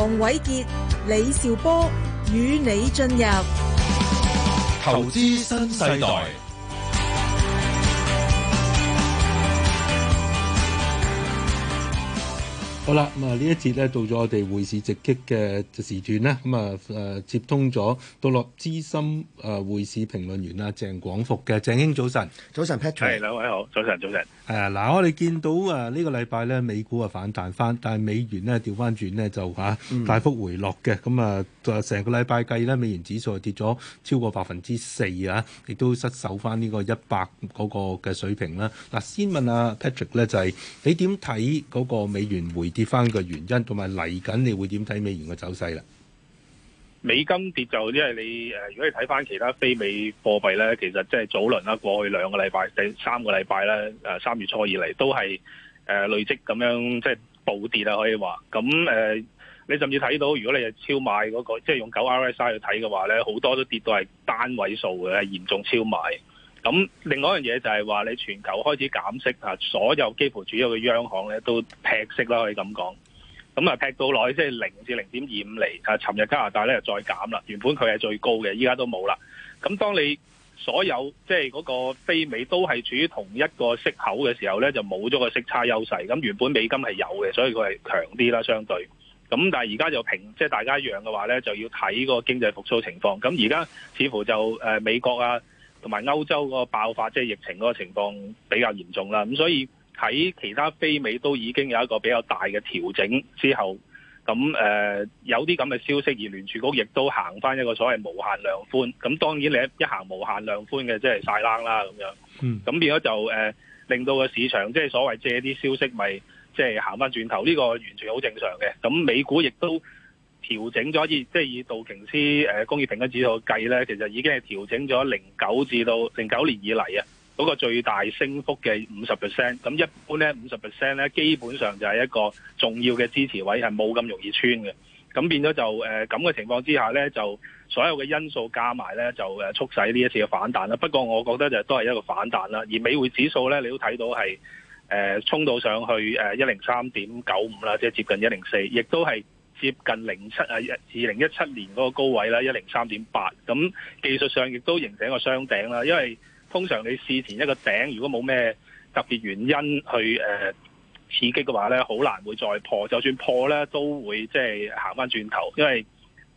王偉杰、李兆波與你進入投資新世代。好啦，咁啊呢一節咧到咗我哋匯市直擊嘅時段啦。咁、嗯、啊誒接通咗到落資深誒匯、啊、市評論員啊鄭廣復嘅，鄭兄早晨，早晨 Patrick，兩位好，早晨早晨，係嗱、啊，我哋見到啊、這個、呢個禮拜咧美股啊反彈翻，但係美元呢，調翻轉呢，就、啊、嚇大幅回落嘅，咁、嗯、啊。就成個禮拜計啦，美元指數跌咗超過百分之四啊！亦都失守翻呢個一百嗰個嘅水平啦。嗱，先問啊 Patrick 咧，就係、是、你點睇嗰個美元回跌翻嘅原因，同埋嚟緊你會點睇美元嘅走勢啦？美金跌就是、因為你誒，如果你睇翻其他非美貨幣咧，其實即係早輪啦，過去兩個禮拜、第、就是、三個禮拜咧，三月初以嚟都係誒累積咁樣即係、就是、暴跌啊，可以話咁誒你甚至睇到，如果你係超賣嗰個，即係用九 RSI 去睇嘅話咧，好多都跌到係單位數嘅，嚴重超賣。咁另外一樣嘢就係話，你全球開始減息啊，所有幾乎主要嘅央行咧都劈息啦，可以咁講。咁啊劈到落去，即係零至零點二五厘。啊。尋日加拿大咧就再減啦，原本佢係最高嘅，依家都冇啦。咁當你所有即係嗰個非美都係處於同一個息口嘅時候咧，就冇咗個息差優勢。咁原本美金係有嘅，所以佢係強啲啦，相對。咁但係而家就平，即、就、係、是、大家一樣嘅話咧，就要睇個經濟復甦情況。咁而家似乎就、呃、美國啊，同埋歐洲個爆發即係、就是、疫情嗰個情況比較嚴重啦。咁所以喺其他非美都已經有一個比較大嘅調整之後，咁誒、呃、有啲咁嘅消息而聯儲局亦都行翻一個所謂無限量寬。咁當然你一行無限量寬嘅，即係晒冷啦咁樣。咁變咗就、呃、令到個市場即係、就是、所謂借啲消息咪？即係行翻轉頭，呢個完全好正常嘅。咁美股亦都調整咗，以即係以道瓊斯誒工業平均指數計咧，其實已經係調整咗零九至到零九年以嚟啊，嗰個最大升幅嘅五十 percent。咁一般咧，五十 percent 咧，基本上就係一個重要嘅支持位，係冇咁容易穿嘅。咁變咗就誒咁嘅情況之下咧，就所有嘅因素加埋咧，就誒促使呢一次嘅反彈啦。不過我覺得就都係一個反彈啦。而美匯指數咧，你都睇到係。誒、呃、衝到上去誒一零三點九五啦，呃、95，即係接近一零四，亦都係接近零七啊一二零一七年嗰個高位啦，一零三點八。咁技術上亦都形成一個雙頂啦，因為通常你事前一個頂，如果冇咩特別原因去誒、呃、刺激嘅話呢，好難會再破。就算破呢，都會即係行翻轉頭，因為。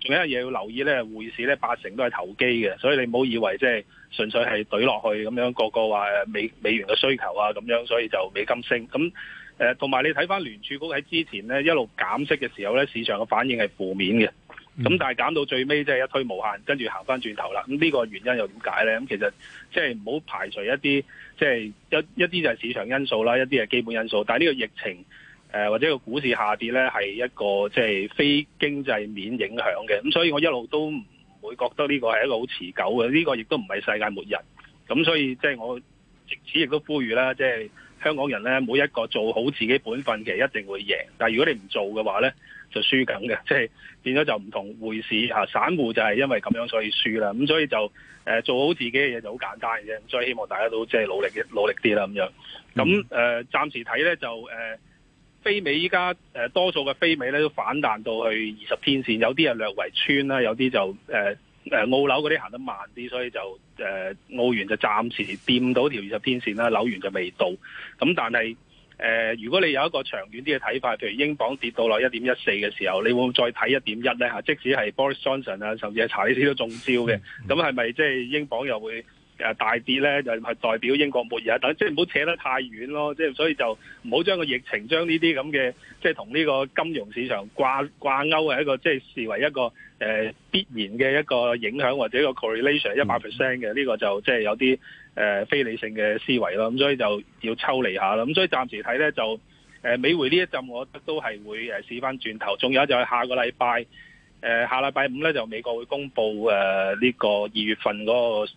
仲有一嘢要留意咧，匯市咧八成都係投機嘅，所以你唔好以為即係純粹係懟落去咁樣，個個話美美元嘅需求啊咁樣，所以就美金升咁。誒，呃，同埋你睇翻聯儲局喺之前咧一路減息嘅時候咧，市場嘅反應係負面嘅。咁但係減到最尾即係一推無限，跟住行翻轉頭啦。咁呢個原因又點解咧？咁其實即係唔好排除一啲即係一一啲就係市場因素啦，一啲係基本因素，但係呢個疫情。誒或者個股市下跌咧，係一個即係非經濟面影響嘅，咁所以我一路都唔會覺得呢個係一個好持久嘅，呢個亦都唔係世界末日。咁所以即係我直至亦都呼籲啦，即係香港人咧，每一個做好自己本分，其實一定會贏。但係如果你唔做嘅話咧，就輸緊嘅，即係變咗就唔同匯市，散戶就係因為咁樣所以輸啦。咁所以就誒做好自己嘅嘢就好簡單嘅啫，所以希望大家都即係努力啲，努力啲啦咁樣。咁誒暫時睇咧就誒。非美依家誒多數嘅非美咧都反彈到去二十天線，有啲啊略為穿啦，有啲就誒誒、呃、澳紐嗰啲行得慢啲，所以就誒、呃、澳元就暫時掂到條二十天線啦，紐元就未到。咁但係誒、呃，如果你有一個長遠啲嘅睇法，譬如英鎊跌到落一點一四嘅時候，你會唔會再睇一點一咧嚇？即使係 Boris Johnson 啊，甚至係查理斯都中招嘅，咁係咪即係英鎊又會？誒大跌咧，就係、是、代表英國末日等，即係唔好扯得太遠咯。即係所以就唔好將個疫情將呢啲咁嘅，即係同呢個金融市場掛掛鈎嘅一個，即、就、係、是、視為一個誒、呃、必然嘅一個影響或者一個 correlation 一百 percent 嘅呢、嗯、個就即係有啲誒、呃、非理性嘅思維咯。咁所以就要抽離一下啦。咁所以暫時睇咧就誒美匯呢一浸，我覺得都係會誒試翻轉頭。仲有就係下個禮拜。誒下禮拜五咧就美國會公布誒呢個二月份嗰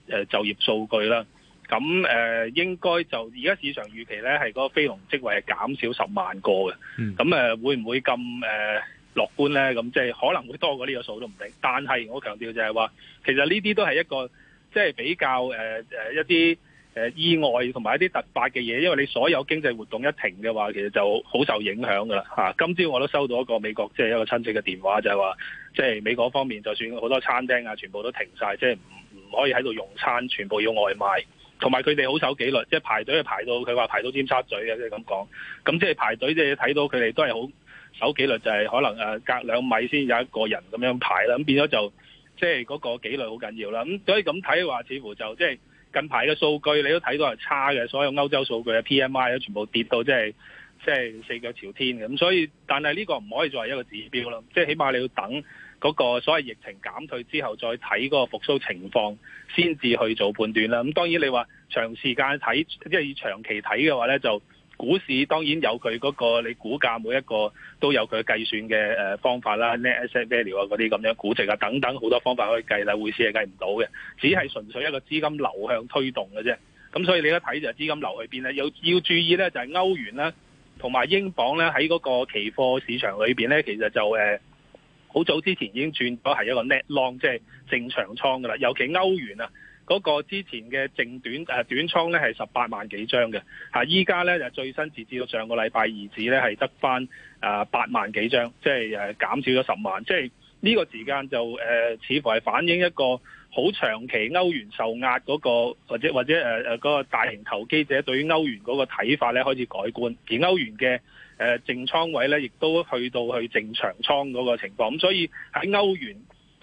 個誒就業數據啦，咁誒應該就而家市場預期咧係個非農職位係減少十萬個嘅，咁誒會唔會咁誒樂觀咧？咁即係可能會多過呢個數都唔定，但係我強調就係話其實呢啲都係一個即係比較誒誒一啲意外同埋一啲突發嘅嘢，因為你所有經濟活動一停嘅話，其實就好受影響噶啦吓。啊，今朝我都收到一個美國即係一個親戚嘅電話，就係話即係美國方面，就算好多餐廳啊，全部都停晒，即係唔唔可以喺度用餐，全部要外賣。同埋佢哋好守紀律，即係排隊都排到佢話排到尖沙咀嘅，即係咁講。咁即係排隊即係睇到佢哋都係好守紀律，就係可能誒隔兩米先有一個人咁樣排啦。咁變咗就即係嗰個紀律好緊要啦。咁所以咁睇嘅話，似乎就即係近排嘅數據你都睇到係差嘅，所有歐洲數據啊、PMI 都全部跌到即係即係四腳朝天嘅，咁所以但係呢個唔可以作為一個指標咯，即係起碼你要等嗰個所謂疫情減退之後再睇嗰個復甦情況先至去做判斷啦。咁當然你話長時間睇，即係要長期睇嘅話咧就。股市當然有佢嗰個你股價每一個都有佢計算嘅誒方法啦，net asset value 啊嗰啲咁樣估值啊等等好多方法可以計啦，匯市係計唔到嘅，只係純粹一個資金流向推動嘅啫。咁所以你一睇就資金流去邊咧，要要注意咧就係歐元啦，同埋英鎊咧喺嗰個期貨市場裏邊咧，其實就誒好早之前已經轉咗係一個 net long 即係正常倉噶啦，尤其歐元啊。嗰個之前嘅淨短誒短倉咧係十八萬幾張嘅，嚇依家咧就最新截至到上個禮拜二止咧係得返誒八萬幾張，即係誒減少咗十萬，即係呢個時間就誒似乎係反映一個好長期歐元受壓嗰個或者或者誒嗰個大型投機者對於歐元嗰個睇法咧開始改觀，而歐元嘅淨倉位咧亦都去到去淨長倉嗰個情況，咁所以喺歐元。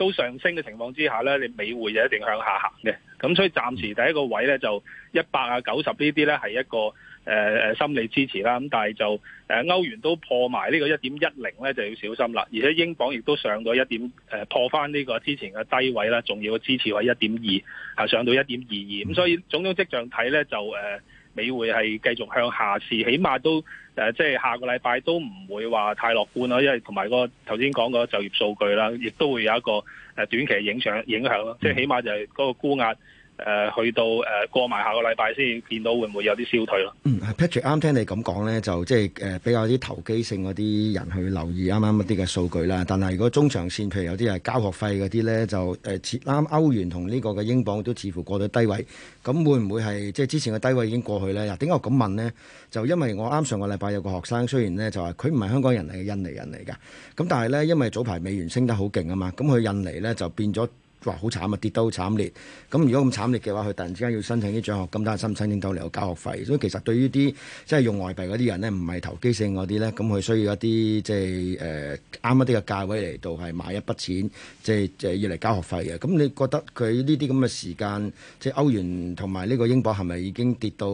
都上升嘅情況之下咧，你美匯就一定向下行嘅，咁所以暫時第一個位呢，就一百啊九十呢啲呢，係一個誒誒、呃、心理支持啦，咁但係就誒歐元都破埋呢個一點一零呢，就要小心啦，而且英鎊亦都上到一點誒、呃、破翻呢個之前嘅低位啦，重要支持位一點二啊上到一點二二，咁所以種種跡象睇呢，就誒、呃、美匯係繼續向下試，起碼都。誒，即係下個禮拜都唔會話太樂觀咯，因為同埋個頭先講個就業數據啦，亦都會有一個誒短期影響影響咯，即係起碼就係嗰個沽壓。誒去到誒過埋下個禮拜先見到會唔會有啲消退咯？Patrick 啱聽你咁講咧，就即係誒比較啲投機性嗰啲人去留意啱啱啲嘅數據啦。但係如果中長線，譬如有啲係交學費嗰啲咧，就似啱歐元同呢個嘅英鎊都似乎過咗低位，咁會唔會係即係之前嘅低位已經過去咧？又點解我咁問呢？就因為我啱上個禮拜有個學生，雖然咧就話佢唔係香港人嚟，嘅印尼人嚟㗎。咁但係咧，因為早排美元升得好勁啊嘛，咁佢印尼咧就變咗。話好慘啊，跌得好慘烈。咁如果咁慘烈嘅話，佢突然之間要申請啲獎學金，但係申請唔到嚟，要交學費。所以其實對於啲即係用外幣嗰啲人呢，唔係投機性嗰啲咧，咁佢需要一啲即係誒啱一啲嘅價位嚟到係買一筆錢，即係即係要嚟交學費嘅。咁你覺得佢呢啲咁嘅時間，即係歐元同埋呢個英鎊係咪已經跌到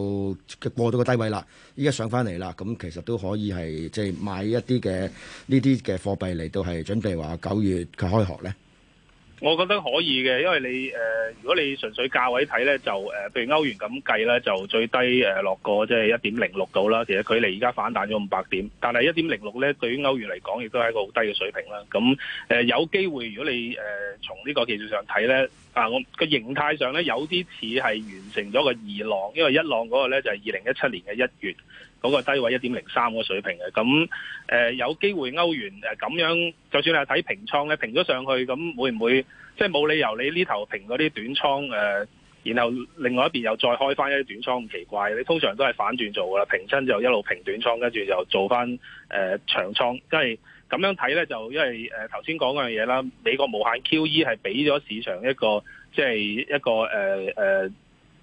過到個低位啦？依家上翻嚟啦，咁其實都可以係即係買一啲嘅呢啲嘅貨幣嚟到係準備話九月佢開學咧。我覺得可以嘅，因為你誒、呃，如果你純粹價位睇咧，就誒，譬、呃、如歐元咁計咧，就最低、呃、落個即係一點零六到啦。其實距離而家反彈咗五百點，但係一點零六咧，對於歐元嚟講，亦都係一個好低嘅水平啦。咁誒、呃、有機會，如果你誒、呃、從呢個技術上睇咧，啊，我個形態上咧有啲似係完成咗個二浪，因為一浪嗰個咧就係二零一七年嘅一月。嗰個低位一點零三嗰水平嘅，咁誒、呃、有機會歐元誒咁樣，就算你係睇平倉咧，平咗上去，咁會唔會即係冇理由你呢頭平嗰啲短倉誒、呃，然後另外一邊又再開翻一啲短倉咁奇怪？你通常都係反轉做噶啦，平身就一路平短倉，跟住就做翻誒、呃、長倉，因為咁樣睇咧就因為誒頭先講嗰樣嘢啦，美國無限 QE 係俾咗市場一個即係、就是、一個誒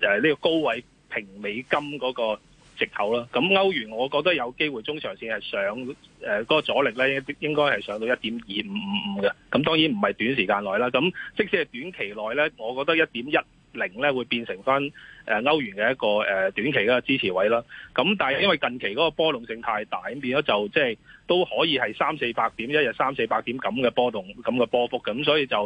誒呢個高位平美金嗰、那個。直頭啦，咁歐元我覺得有機會中長線係上，誒、呃、嗰、那個阻力咧，應該係上到一點二五五五嘅，咁當然唔係短時間內啦，咁即使係短期內咧，我覺得一點一零咧會變成翻。誒歐元嘅一個誒短期嘅支持位啦，咁但係因為近期嗰個波動性太大，咁變咗就即係都可以係三四百點，一日三四百點咁嘅波動，咁嘅波幅咁，所以就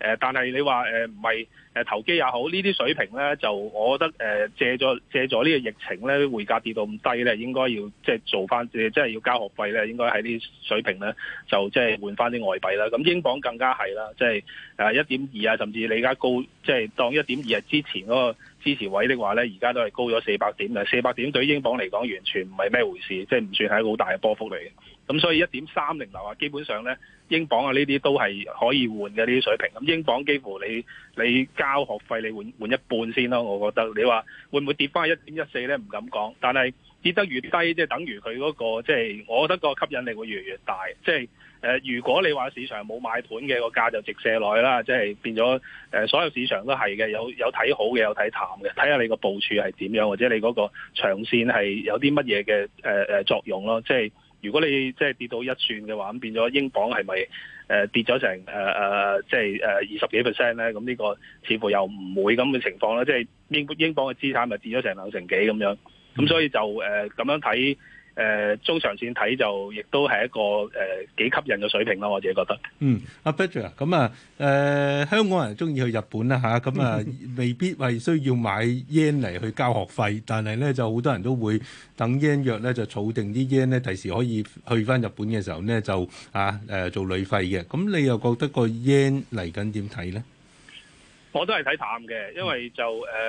誒，但係你話誒唔係誒投機也好，呢啲水平咧就我覺得誒借咗借咗呢個疫情咧匯價跌到咁低咧，應該要即係做翻即係要交學費咧，應該喺呢啲水平咧就即係換翻啲外幣啦。咁英鎊更加係啦，即係誒一點二啊，甚至你而家高即係當一點二日之前嗰、那個。支持位的話呢，而家都係高咗四百點，但係四百點對英鎊嚟講，完全唔係咩回事，即係唔算係一個好大嘅波幅嚟嘅。咁所以一點三零樓啊，基本上呢，英鎊啊呢啲都係可以換嘅呢啲水平。咁英鎊幾乎你你交學費，你換換一半先咯。我覺得你話會唔會跌翻一點一四呢？唔敢講。但係跌得越低，即係等於佢嗰個，即係我覺得個吸引力會越嚟越大，即係。誒，如果你話市場冇買盤嘅、個價就直射落啦，即係變咗誒、呃，所有市場都係嘅，有有睇好嘅，有睇淡嘅，睇下你個部署係點樣，或者你嗰個長線係有啲乜嘢嘅誒作用咯。即係如果你即係跌到一線嘅話，咁變咗英鎊係咪誒跌咗成誒、呃、即係誒二十幾 percent 咧？咁呢個似乎又唔會咁嘅情況啦。即係英英鎊嘅資產咪跌咗成兩成幾咁樣，咁所以就誒咁、呃、樣睇。中長線睇就亦都係一個誒幾吸引嘅水平咯，我自己覺得。嗯，阿 Patrick 啊，咁啊香港人中意去日本啦咁啊，啊，啊未必係需要買日圓嚟去交學費，但係咧就好多人都會等日圓弱呢，咧就儲定啲日圓呢，咧，第時可以去翻日本嘅時候咧就啊，啊做旅費嘅。咁、啊、你又覺得個日圓嚟緊點睇咧？我都係睇淡嘅，因為就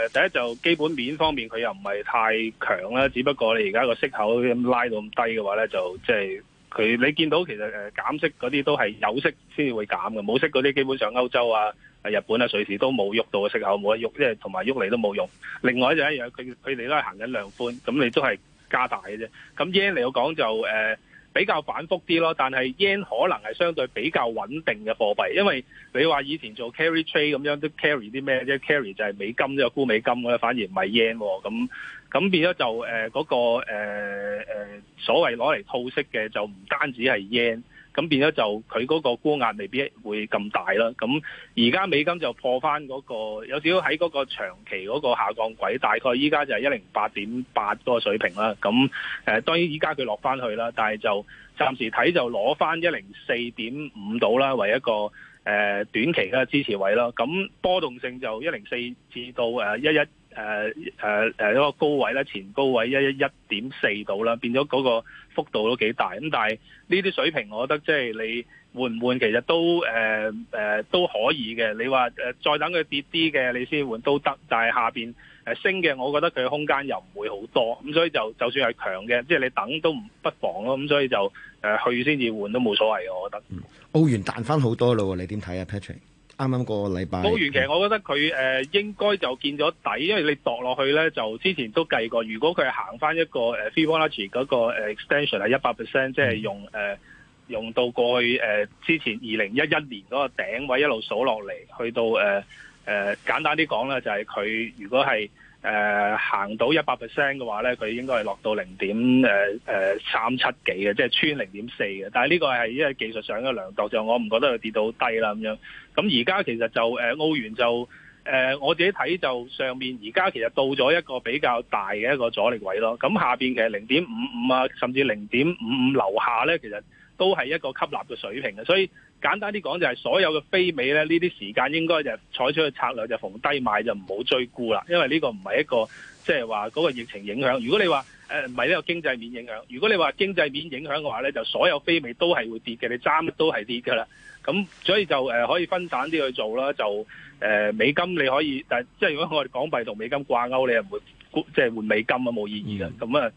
誒第一就基本面方面佢又唔係太強啦，只不過你而家個息口拉到咁低嘅話咧，就即係佢你見到其實誒減息嗰啲都係有息先至會減嘅，冇息嗰啲基本上歐洲啊、日本啊、瑞士都冇喐到嘅息口，冇得喐，即係同埋喐嚟都冇用。另外就一樣，佢佢哋都係行緊量寬，咁你都係加大嘅啫。咁 yen 嚟講就誒。呃比較反覆啲咯，但係 yen 可能係相對比較穩定嘅貨幣，因為你話以前做 carry trade 咁樣都 carry 啲咩啫？carry 就係美金即係、即係、沽美金咧，反而唔係 yen 喎。咁咁變咗就誒嗰、呃嗰個誒、呃、所謂攞嚟套息嘅就唔單止係 yen。咁變咗就佢嗰個沽壓未必會咁大啦。咁而家美金就破翻嗰個，有少少喺嗰個長期嗰個下降軌，大概依家就係一零八點八嗰個水平啦。咁誒當然依家佢落翻去啦，但係就暫時睇就攞翻一零四點五度啦，為一個誒短期嘅支持位啦。咁波動性就一零四至到誒一一。誒誒誒一個高位咧，前高位一一一點四度啦，變咗嗰個幅度都幾大。咁但係呢啲水平，我覺得即係你換唔換，其實都誒誒都可以嘅。你話誒再等佢跌啲嘅，你先換都得。但係下邊誒升嘅，我覺得佢空間又唔會好多。咁所以就就算係強嘅，即係你等都唔不妨咯。咁所以就誒去先至換都冇所謂嘅，我覺得。嗯，澳元彈翻好多咯，你點睇啊，Patrick？啱啱個禮拜，保期我覺得佢、呃、應該就見咗底，因為你度落去咧，就之前都計過。如果佢係行翻一個誒 Fibonacci 嗰個 extension 係一百 percent，即係、嗯、用、呃、用到過去、呃、之前二零一一年嗰個頂位一路數落嚟，去到、呃呃、簡單啲講咧，就係、是、佢如果係。誒、呃、行到一百 percent 嘅話咧，佢應該係落到零點誒誒三七幾嘅，即係穿零點四嘅。但係呢個係因為技術上嘅量度上，就我唔覺得佢跌到低啦咁樣。咁而家其實就誒澳、呃、元就誒、呃、我自己睇就上面而家其實到咗一個比較大嘅一個阻力位咯。咁下邊其實零點五五啊，甚至零點五五樓下咧，其實都係一個吸納嘅水平嘅，所以。簡單啲講就係所有嘅非美咧，呢啲時間應該就採取嘅策略就逢低買就唔好追沽啦，因為呢個唔係一個即係話嗰個疫情影響。如果你話誒唔係呢個、呃、經濟面影響。如果你話經濟面影響嘅話咧，就所有非美都係會跌嘅，你揸都係跌㗎啦。咁所以就誒可以分散啲去做啦，就誒、呃、美金你可以，但即係如果我哋港幣同美金掛鈎，你又唔會即係換美金啊，冇意義嘅。咁啊、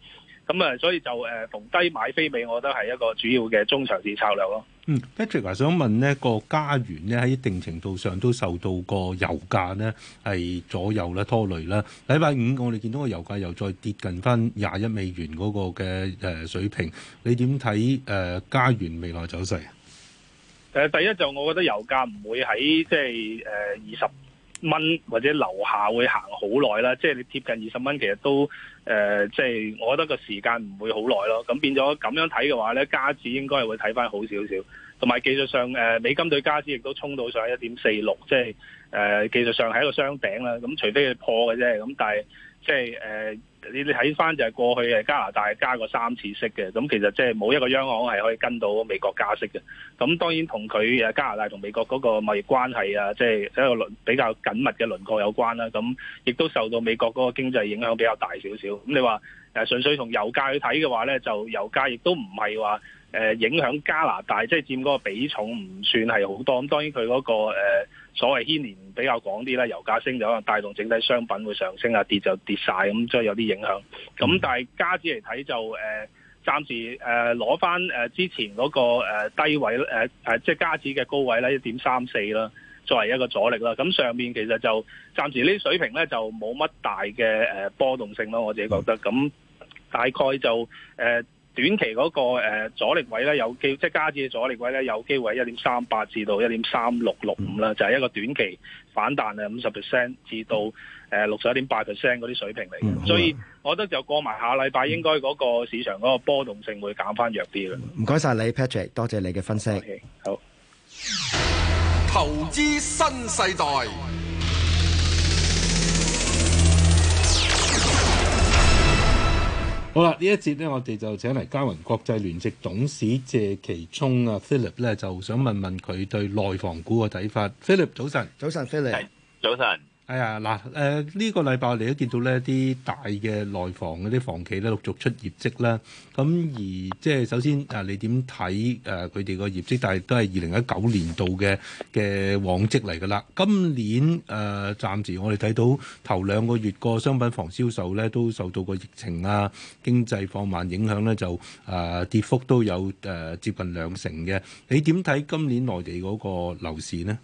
嗯，咁啊，所以就誒逢低買非美，我覺得係一個主要嘅中長線策略咯。嗯，Patrick 啊，想問呢個加元呢，喺一定程度上都受到個油價呢，係左右啦拖累啦。禮拜五我哋見到個油價又再跌近返廿一美元嗰個嘅水平，你點睇誒加元未來走勢？呃、第一就我覺得油價唔會喺即係誒二十。就是呃20蚊或者樓下會行好耐啦，即係你貼近二十蚊，其實都誒，即係我覺得個時間唔會好耐咯。咁變咗咁樣睇嘅話咧，加紙應該係會睇翻好少少，同埋技術上誒美金對加紙亦都衝到上一點四六，即係誒技術上係一個雙頂啦。咁除非佢破嘅啫，咁但係。即係誒，你你睇翻就係過去係加拿大加過三次息嘅，咁其實即係冇一個央行係可以跟到美國加息嘅。咁當然同佢誒加拿大同美國嗰個貿易關係啊，即係一個輪比較緊密嘅輪廓有關啦。咁亦都受到美國嗰個經濟影響比較大少少。咁你話誒純粹從油價去睇嘅話咧，就油價亦都唔係話。誒影響加拿大，即、就、係、是、佔嗰個比重唔算係好多。咁當然佢嗰、那個、呃、所謂牽連比較廣啲啦。油價升就可能帶動整體商品會上升啊，跌就跌晒，咁，即係有啲影響。咁但係加指嚟睇就誒、呃、暫時誒攞翻誒之前嗰、那個、呃、低位誒誒、呃、即係加指嘅高位咧一點三四啦，34，作為一個阻力啦。咁上面其實就暫時呢啲水平咧就冇乜大嘅誒波動性咯，我自己覺得咁的大概就誒。呃短期嗰、個、呃、阻力位咧有機會，即係加至阻力位咧有機會喺一點三八至到一點三六六五啦，就係一個短期反彈啊，五十 percent 至到誒六十一點八 percent 嗰啲水平嚟嘅，嗯、所以我覺得就過埋下禮拜應該嗰個市場嗰個波動性會減翻弱啲嘅、嗯。唔該晒你 Patrick，多謝你嘅分析。Okay, 好，投資新世代。好啦，呢一節呢，我哋就請嚟嘉雲國際交銀國際聯席董事謝騏聰啊 Philip 呢，就想問問佢對內房股嘅睇法。Philip，早晨。早晨，Philip。早晨。哎呀，嗱、呃，誒、這、呢個禮拜你都見到呢啲大嘅內房嗰啲房企咧陸續出業績啦。咁而即係首先啊，你點睇誒佢哋個業績？但係都係二零一九年度嘅嘅往績嚟噶啦。今年誒暫、呃、時我哋睇到頭兩個月個商品房銷售咧都受到個疫情啊、經濟放慢影響咧，就誒、呃、跌幅都有誒、呃、接近兩成嘅。你點睇今年內地嗰個樓市呢？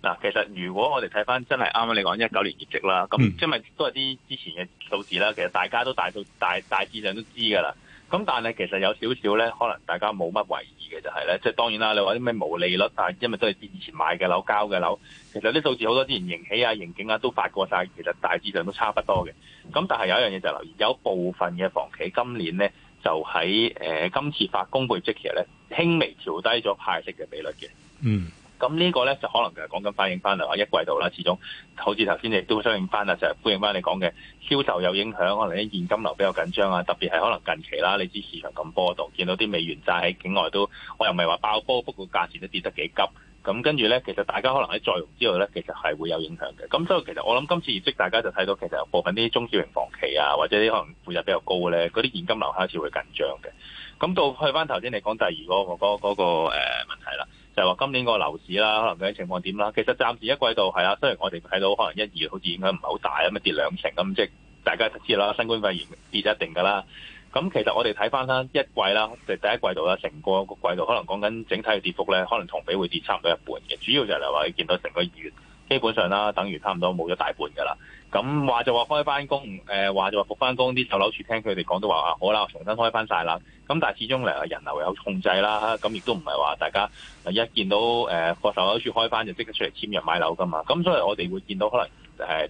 嗱，其實如果我哋睇翻真係啱啱你講一九年業績啦，咁因為都係啲之前嘅數字啦，其實大家都大到大大致上都知㗎啦。咁但係其實有少少咧，可能大家冇乜懷疑嘅就係、是、咧，即、就、係、是、當然啦。你話啲咩毛利率，但係因為都係啲以前買嘅樓交嘅樓，其實啲數字好多之前盈喜啊、盈警啊都發過晒，其實大致上都差不多嘅。咁但係有一樣嘢就留意，有部分嘅房企今年咧就喺、呃、今次發公佈業績，其實呢，咧輕微調低咗派息嘅比率嘅。嗯。咁呢個咧就可能其實講緊反映翻嚟話一季度啦，始終好似頭先你都相應翻啦，就係歡迎翻你講嘅銷售有影響，可能啲現金流比較緊張啊，特別係可能近期啦，你知市場咁波動，見到啲美元債喺境外都，我又唔係話爆波，不過價錢都跌得幾急。咁跟住咧，其實大家可能喺再融之後咧，其實係會有影響嘅。咁所以其實我諗今次業績大家就睇到，其實有部分啲中小型房企啊，或者啲可能負債比較高嘅咧，嗰啲現金流開始會緊張嘅。咁到去翻頭先你講第二個嗰嗰個誒問題啦。就話今年個樓市啦，可能佢啲情況點啦？其實暫時一季度係啦、啊，雖然我哋睇到可能一二月好似影響唔係好大啊，咩、嗯、跌兩成咁，即大家都知啦，新冠肺炎跌咗一定㗎啦。咁其實我哋睇翻啦，一季啦，即第一季度啦，成個個季度可能講緊整體嘅跌幅咧，可能同比會跌差唔多一半嘅。主要就係話你見到成個二月基本上啦，等於差唔多冇咗大半㗎啦。咁話就話開翻工，誒話就話復翻工，啲售樓處聽佢哋講都話啊，好啦，我重新開翻晒啦。咁但係始終誒人流有控制啦，咁亦都唔係話大家一見到誒個售樓處開翻就即刻出嚟簽約買樓噶嘛。咁所以我哋會見到可能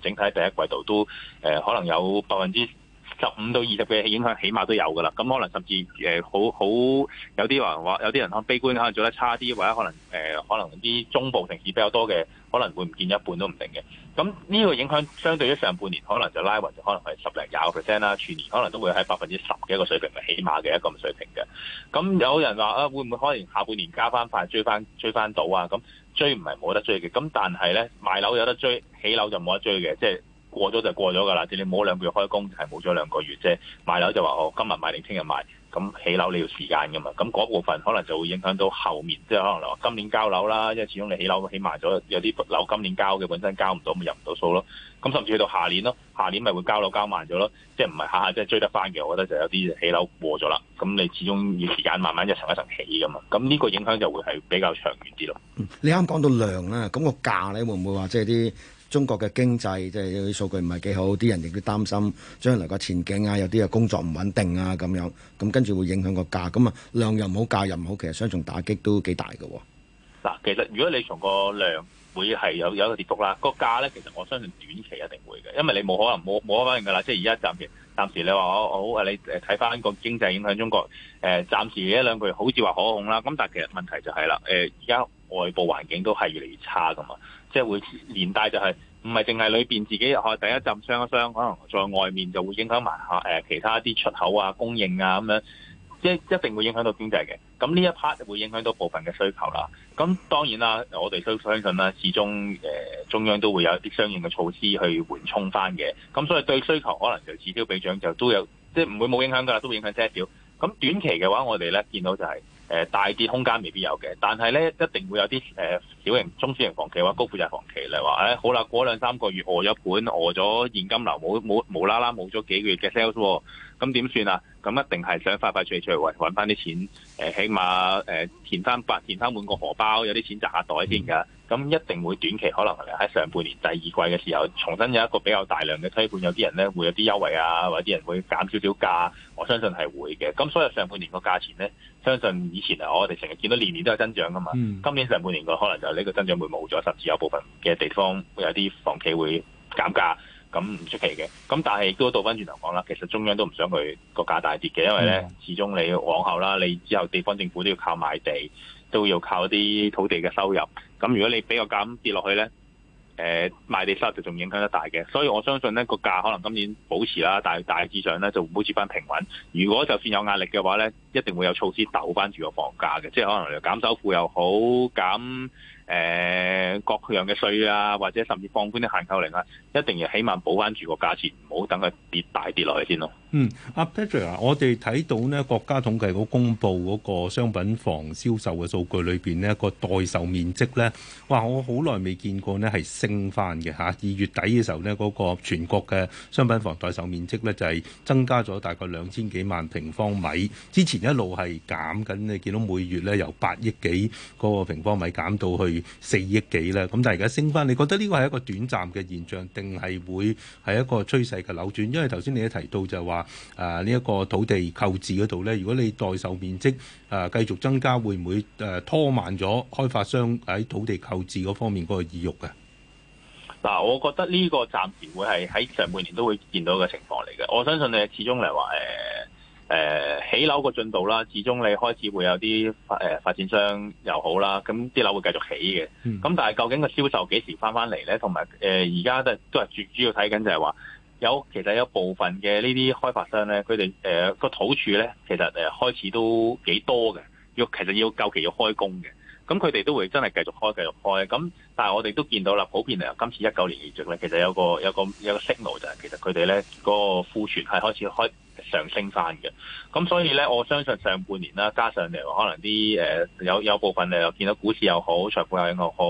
整體第一季度都誒可能有百分之。十五到二十嘅影響，起碼都有噶啦。咁可能甚至、呃、好好有啲話話，有啲人睇悲觀，可能做得差啲，或者可能、呃、可能啲中部城市比較多嘅，可能會唔見一半都唔定嘅。咁呢個影響相對於上半年，可能就拉勻，就可能係十零廿個 percent 啦。全年可能都會喺百分之十嘅一個水平，係起碼嘅一個水平嘅。咁有人話啊，會唔會可能下半年加翻快追翻追翻到啊？咁追唔係冇得追嘅。咁但係咧，賣樓有得追，起樓就冇得追嘅，即、就係過咗就過咗噶啦，即係你冇兩個月開工，就係冇咗兩個月啫。即買樓就話哦，今日買定，聽日買。咁起樓你要時間噶嘛？咁嗰部分可能就會影響到後面，即係可能話今年交樓啦，因為始終你起樓起慢咗，有啲樓今年交嘅本身交唔到，入唔到數咯。咁甚至去到下年咯，下年咪會交樓交慢咗咯，即係唔係下下即係追得翻嘅。我覺得就有啲起樓過咗啦。咁你始終要時間慢慢一層一層起噶嘛？咁呢個影響就會係比較長遠啲咯。嗯、你啱講到量啦，咁、那個價你會唔會話即係啲？中國嘅經濟即係、就是、有啲數據唔係幾好，啲人亦都擔心將來個前景啊，有啲啊工作唔穩定啊咁樣，咁跟住會影響個價，咁啊量又唔好，價又唔好，其實雙重打擊都幾大嘅。嗱，其實如果你從個量會係有有一個跌幅啦，個價咧其實我相信短期一定會嘅，因為你冇可能冇冇得反應㗎啦，即係而家暫時暫時你話我我你睇翻個經濟影響中國，誒、呃、暫時一兩句好似話可控啦，咁但係其實問題就係、是、啦，誒而家外部環境都係越嚟越差噶嘛。即係會連帶就係唔係淨係裏邊自己入去第一浸傷一傷，可能在外面就會影響埋下誒其他啲出口啊、供應啊咁樣，即係一定會影響到經濟嘅。咁呢一 part 就會影響到部分嘅需求啦。咁當然啦，我哋都相信啦，始終誒中央都會有一啲相應嘅措施去緩衝翻嘅。咁所以對需求可能就此消彼長，就都有即係唔會冇影響㗎啦，都會影響些少。咁短期嘅話，我哋咧見到就係、是。大跌空間未必有嘅，但係咧一定會有啲小型、中小型房企或高負債房企你話、哎：好啦，過兩三個月餓咗本，餓咗現金流，冇冇無啦啦冇咗幾個月嘅 sales，咁點算啊？咁一定係想快快脆脆搵返翻啲錢，起碼填翻填翻滿個荷包，有啲錢擇下袋先㗎。嗯。咁一定會短期可能喺上半年第二季嘅時候，重新有一個比較大量嘅推盤，有啲人呢會有啲優惠啊，或者啲人會減少少價，我相信係會嘅。咁所以上半年個價錢呢，相信以前啊，我哋成日見到年年都有增長噶嘛。嗯、今年上半年個可能就呢個增長會冇咗，甚至有部分嘅地方會有啲房企會減價，咁唔出奇嘅。咁但係都倒翻轉頭講啦，其實中央都唔想佢個價大跌嘅，因為呢、嗯、始終你往後啦，你之後地方政府都要靠買地。都要靠啲土地嘅收入，咁如果你俾個減跌落去呢，誒賣地收入就仲影響得大嘅，所以我相信呢個價可能今年保持啦，但大致上呢就保持翻平穩。如果就算有壓力嘅話呢，一定會有措施鬥翻住個房價嘅，即係可能減首付又好減。誒各樣嘅稅啊，或者甚至放寬啲限購令啊，一定要起碼保翻住個價錢，唔好等佢跌大跌落去先咯。嗯，阿 Patrick 啊，我哋睇到呢，國家統計局公布嗰個商品房銷售嘅數據裏面呢，呢、那個待售面積呢，哇！我好耐未見過呢係升翻嘅嚇。二月底嘅時候呢，嗰、那個全國嘅商品房待售面積呢，就係、是、增加咗大概兩千幾萬平方米，之前一路係減緊，你見到每月呢由八億幾嗰個平方米減到去。四億幾啦，咁但係而家升翻，你覺得呢個係一個短暫嘅現象，定係會係一個趨勢嘅扭轉？因為頭先你一提到就話誒呢一個土地購置嗰度呢，如果你待售面積誒繼續增加，會唔會誒拖慢咗開發商喺土地購置嗰方面嗰個意欲嘅？嗱，我覺得呢個暫時會係喺上半年都會見到嘅情況嚟嘅。我相信你始終嚟話誒。呃誒、呃、起樓個進度啦，始終你開始會有啲發、呃、發展商又好啦，咁啲樓會繼續起嘅。咁、嗯、但係究竟個銷售幾時返返嚟咧？同埋誒而家都都係主主要睇緊就係話有其實有部分嘅呢啲開發商咧，佢哋誒個土儲咧其實誒開始都幾多嘅，要其實要夠期要開工嘅。咁佢哋都會真係繼續開繼續開，咁但係我哋都見到啦，普遍嚟，今次一九年業績咧，其實有個有個有個 signal 就係、是、其實佢哋咧個庫存係開始開始上升翻嘅。咁所以咧，我相信上半年啦，加上嚟話可能啲有有部分嚟又見到股市又好，財富效應又好，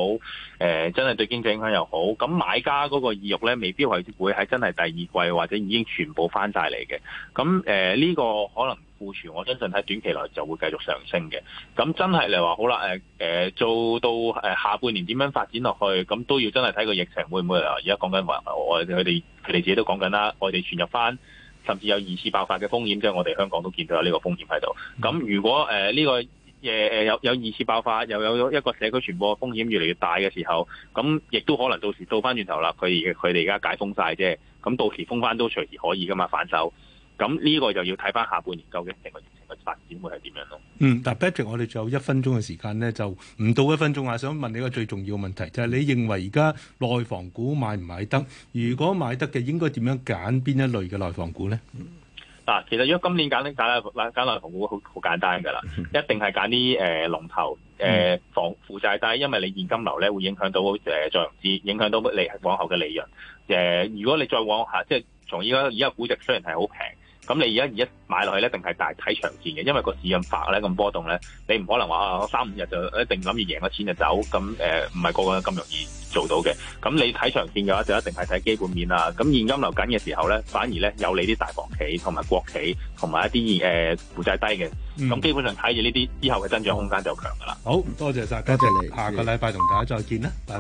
呃、真係對經濟影響又好。咁買家嗰個意欲咧，未必會係真係第二季或者已經全部翻晒嚟嘅。咁呢、呃呢個可能。庫存，我相信喺短期內就會繼續上升嘅。咁真係嚟話好啦，誒做到下半年點樣發展落去，咁都要真係睇個疫情會唔會啊？而家講緊話，我哋佢哋佢哋自己都講緊啦，外地傳入翻，甚至有二次爆發嘅風險，即係我哋香港都見到有呢個風險喺度。咁如果誒呢個誒有有二次爆發，又有一個社區傳播風險越嚟越大嘅時候，咁亦都可能到時到翻轉頭啦。佢佢哋而家解封晒啫，咁到時封翻都隨時可以噶嘛，反手。咁呢個就要睇翻下半年究竟整個成個疫情嘅發展會係點樣咯？嗯，但 Patrick 我哋仲有一分鐘嘅時間咧，就唔到一分鐘啊！想問你個最重要嘅問題，就係、是、你認為而家內房股買唔買得？如果買得嘅，應該點樣揀邊一類嘅內房股咧？嗱、嗯，其實如果今年揀揀內房股，好好簡單㗎啦，一定係揀啲龍龍頭房、呃、負債低，因為你現金流咧會影響到誒、呃、再融資影響到你往後嘅利潤、呃。如果你再往下，即係從依家，依家估值雖然係好平。咁你而家一買落去咧，定係大睇長線嘅，因為個市任化，咧咁波動咧，你唔可能話三五日就一定諗住贏個錢就走咁誒，唔係、呃、個個咁容易做到嘅。咁你睇長線嘅話，就一定係睇基本面啦。咁現金流緊嘅時候咧，反而咧有你啲大房企同埋國企同埋一啲誒、呃、負債低嘅咁，嗯、基本上睇住呢啲之後嘅增長空間就強噶啦。好多謝曬，多謝你，下個禮拜同大家再見啦，拜。